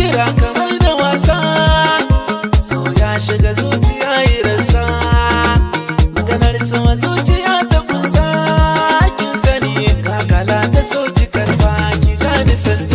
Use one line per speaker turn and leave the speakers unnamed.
kira kamar da wasa so ya shiga zuciya ya rasa maganar sama zuciya ta kunsa kin sani
kakala ta soki karfa ki ja sani.